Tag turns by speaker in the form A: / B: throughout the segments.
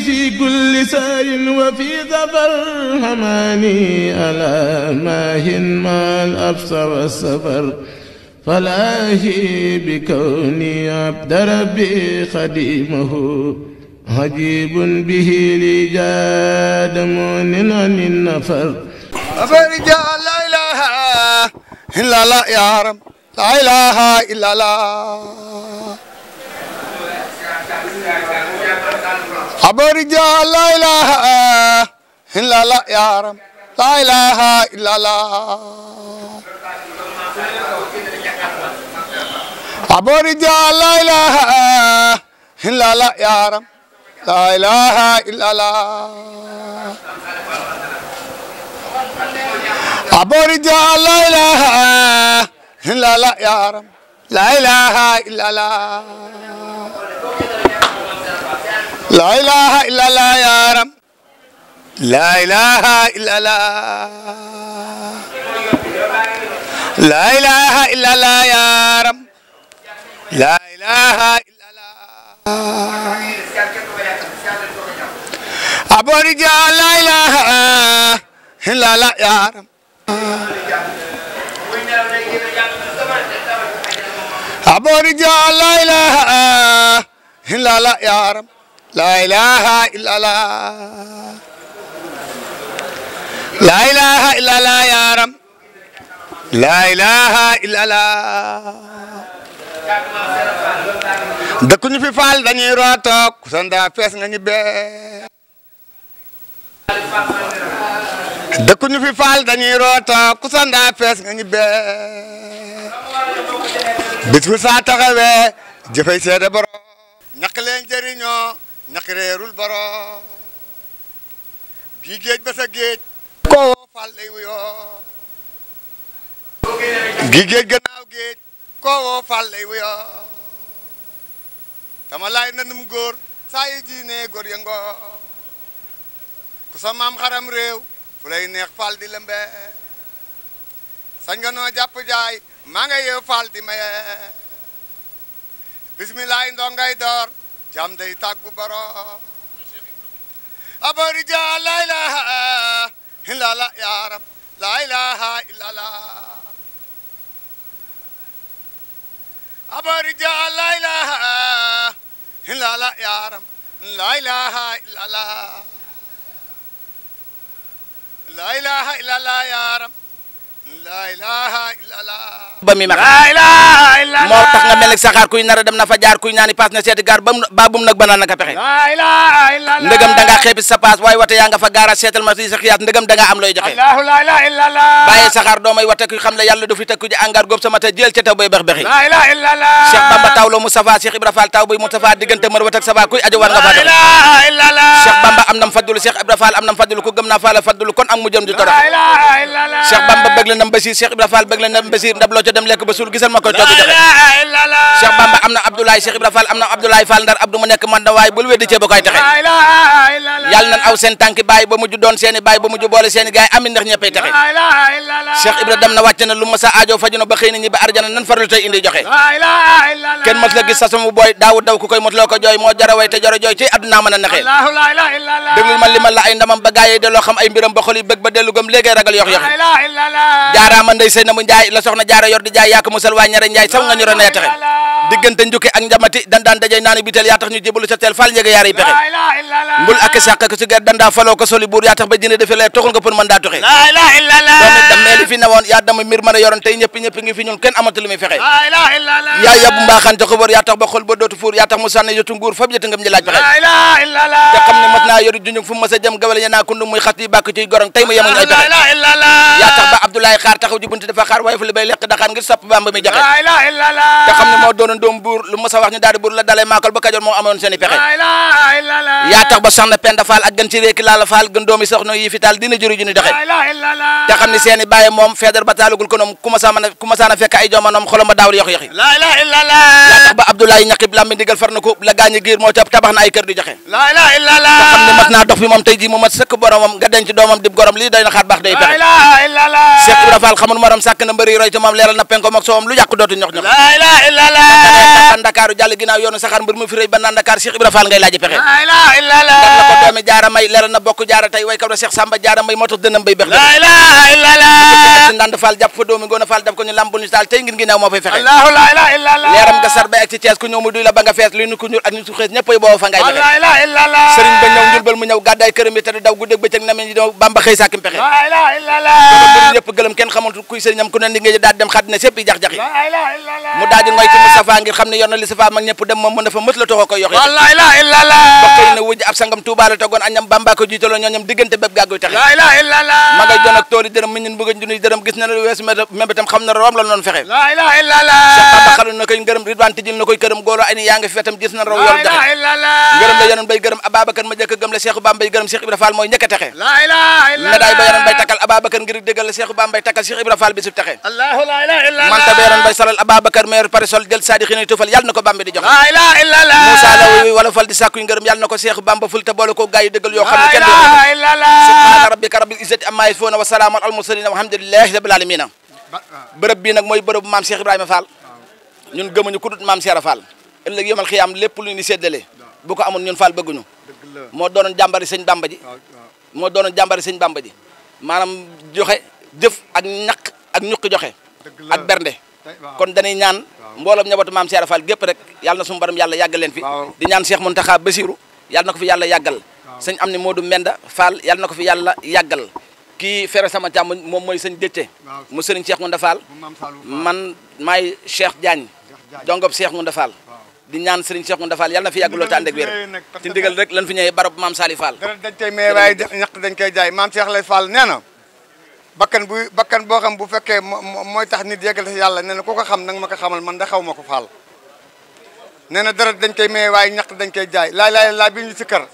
A: في كل سار وفي ذبر هماني ألا ماهن ما الأبصر والسفر فلاهي بكوني عبد ربي خديمه عجيب به لي جاد مؤمن النفر
B: أفرجاء لا إله إلا الله يا رب لا إله إلا الله أبو رجال لا إله إلا الله يا رب لا إله إلا الله أبو رجال لا إله إلا الله يا رب لا إله إلا الله أبو رجال لا إله إلا الله يا رب لا إله إلا الله لا إله إلا الله يا رب لا إله إلا الله لا إله إلا الله يا رب لا إله إلا الله أبو رجال لا إله إلا الله يا رب أبو رجال لا إله إلا الله يا رب لا إله إلا الله لا إله إلا الله يا رب لا إله إلا الله dëkkuñu fi faal dañuy rootoog kusanda fees nga ñu bee dëkkuñu fi faal dañuy rootoog kusanda fees nga ñu bee bis bu saa taxawee jëfay seede borom ñaq leen jëriñoo naqareerul baro bii géej ba sa géej koo fal lay wuyoo gi géej gannaaw géej koo woo fal lay wuyoo tama laay nanum góor saa yi diine góor yëngoo ku sa maam xaram réew fu neex fal di lëmbe sañ nga noo jàpp maa nga yeew fal di maye bismillaay ndongay door جام دي تاكو برا أبو رجال لا إله إلا لا يا رب لا إله إلا لا أبو رجال لا إله إلا لا يا رب لا إله إلا لا لا إله
C: إلا لا يا رب ba mi ma moo tax nga mel ak saxaar kuy nar a dem na fa jaar kuy naani paas na seeti gaar bam babum nag banaan naka pexe ndëgam dangaa xeebi sa paas waaye wate yaa nga fa gaara seetal ma si sa xiyaat ndëgam dangaa am looy joxe bàyyi saxaar doomay wate ku xam le yàlla du fi teg ku ji angaar góob sama te jël ca taw bay bex bexi Cheikh Bamba taw loo Moustapha Cheikh Ibra Fall taw bay Moustapha diggante mër wat ak safa kuy ajo war nga fa dox Cheikh Bamba am nam faddulu Cheikh Ibra Fall am nam faddulu ku gëm naa faala faddulu kon ak mu jëm di torox Cheikh Bamba bëgg la ndam Basiir Cheikh Ibra Fall bëgg la ndam Basiir ndab loo ca dem lekk ba suul gisal ma koy togg joxe Cheikh Bamba am na Abdoulaye Cheikh Ibra Fall am na Abdoulaye Fall ndar Abdou mu nekk man da waay bul weddi cee ba koy texe yàlla nan aw seen tànki bàyyi ba mujj doon seeni bàyyi ba mujj boole seeni gaay amin ndax ñëppay texe Cheikh Ibra dem na wàcc na lu ma sa aajo faju na ba xëy na ñi ba arjana nan farlu tey indi joxe kenn mos la gis sa sumu booy daawu daw ku koy mos loo ko jooy moo jara way te jara jooy ci àdduna mën a naxee déglul ma limal la ay ndamam ba gaay yi delloo xam ay mbiram ba xol yi bëgg ba dellu gëm léegi ragal yox yox jaaraama ndey sëy na mu njaay la soxna jaara yor di jaay yaako musal waay ñare njaay saw nga ñu ron a ya texe diggante njukke ak njamati dan daan naanu biteel yaa tax ñu jébalu sa teel njege yaara yi pexe mbul ak sàq ko si ger dandaa faloo ko soli buur yaa tax ba jëne defe lee toxul nga mir mën a yoroon tey ñëpp ñëpp ngi fi ñun kenn amatu lu
D: yaa yabu mbaaxante
C: ko bor yaa tax ba xol ba dootu fuur yaa tax mu sànni yotu nguur fab yëtu ngam ji laaj pexe a yaa tax ba Abdoulaye taxaw ji bunti dafa xaar waaye fu li bay lekk daxaar ngir sapp bamba mi jaxe te xam ne moo doonoon doom buur lu mosa wax ñu ni doxe te moom feedar ba taalugul ko saana ku ay joomanoom xolom ba daawr yox yoxi yaa tax la gaañu giir mat naa dox moom tey ji mu mat sëkk boromam nga denc dib gorom lii doy na xaat baax day pexe xamul morom sàkk na mbëri roy te moom na penko ak soowam lu yàqu dootu ñox ñox la ilaha illallah Ndakaaru jàll ginnaaw yoonu saxaar mbir mu fi rëy ba naan Ndakaar Cheikh Ibra Fall ngay laaji pexe ndax la ko doomi jaara may leral na bokk jaara tey way kaw da Cheikh Samba jaara may moo tax dënam bay bex si ndand Fall jàpp fa a Fall daf ko ñu lambul ñu taal tey ngir ginnaaw moo fay fexe leeram nga sar bay ak ku ñëw mu duy la ba fees luy ku ñuul mu ñëw gàddaay këram yi daw guddeeg bëccëg na mi do Bamba xëy sàkkim pexe ñëpp gëlëm kenn xamantu kuy sëriñam ku ne di nga daal ngir xam ne yoon na li si fa mag ñëpp dem moom mën dafa mës la toxoo koy yox wallaay laa illa la bokkay ne wujj ab sangam Tuubaa la tegoon añam Bamba ko jiitaloo ñoo ñam diggante bépp gàgguy tax laa illa illa la ma ngay jon ak tooli dërëm mi ñun bëgg junniy dërëm gis na lu weesu même itam xam na room la noonu fexe laa illa illa la sapa xalu na koy ngërëm ridwaan tijil na koy kërëm góolo ay ni yaa ngi fi wetam gis na raw yor jaxe ngërëm la yonen bay gërëm Ababacar ma jëkk gëm la Seexu Bambay gërëm Seex Ibra Faal mooy ñëkk a texe
D: laa illa illa la médaay ba
C: yonen bay takkal Ababacar ngir déggal la Seexu Bambay takkal Seex Ibra Faal bi su texe
D: allahu laa illa illa la manta
C: ba yonen bay solal Ababacar mayor parisol jël saadi xi nay tufal yàlla na ko bambi di joxe la ilaha illallah Moussa la wala fal di sàkku ngërëm yàlla na ko Seex Bamba ful te boole ko gaay yu dëggal yoo xam ne kenn ilaha illallah subhaana rabbika rabbil izzati amma yasifun wa salaamun al mursalin walhamdulillahi rabbil alamin ah. bërëb bii nag mooy bërëbu maam Cheikh Ibrahima Fall ñun gëmuñu ku dut maam Cheikh Fall ëllëg yëmal xiyaam lépp lu ñu séddale bu ko amoon ñun Fall bëgguñu moo doonoon jàmbari sëñ Bamba ji moo doonoon jàmbari sëñ Bamba ji maanaam joxe jëf ak ñaq ak ñuqi joxe ak bernde kon dañuy ñaan mbolam ñabatu mam Cheikh rafal gep rek yalla suñu borom yalla yagal len fi di ñaan Cheikh Mountakha basiru yalla nako fi yalla yagal señ amni Modou menda fal yalla nako fi yalla yagal ki féré sama jamm mom moy señ Dëcce mu señ Cheikh munda fal man may Cheikh Diagne dongob Cheikh munda fal. di ñaan señ Cheikh munda fal yalla na fi yagul lo tande ak wër ci ndigal rek lañ fi ñëwee barab mam salifal dara dañ tay may waaye ñak dañ koy jaay mam Cheikh lay fal nee
B: bakkan bu bakkan boo xam bu fekkee mooy tax nit yeggal si yàlla nee na ku ko xam nag ma ko xamal man da xaw ma ko faal nee na dara dañ koy maye waaye ñaq dañ koy jaay laay laay laa bi ñu si kër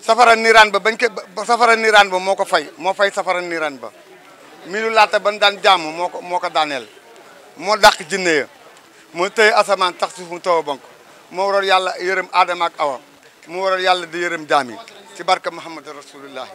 B: safara niiraan ba bañ ko safara niiraan ba moo ko fay moo fay safara niiraan ba mi lu laata ban daan jaamu moo ko moo ko daaneel moo dàq jinne ya moo tëye asamaan tax suuf mu taw moo waral yàlla yërëm aadama ak awa mu waral yàlla di yërëm jaam yi ci barka muhammad rasulullahi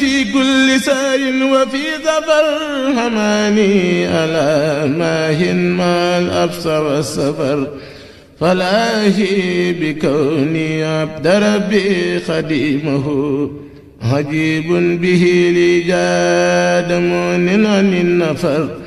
A: في كل سار وفي ذبر هماني ألا ماهٍ ما الأبصر والسفر فلاهي بكوني عبد ربي خديمه عجيب به لجاد من عن النفر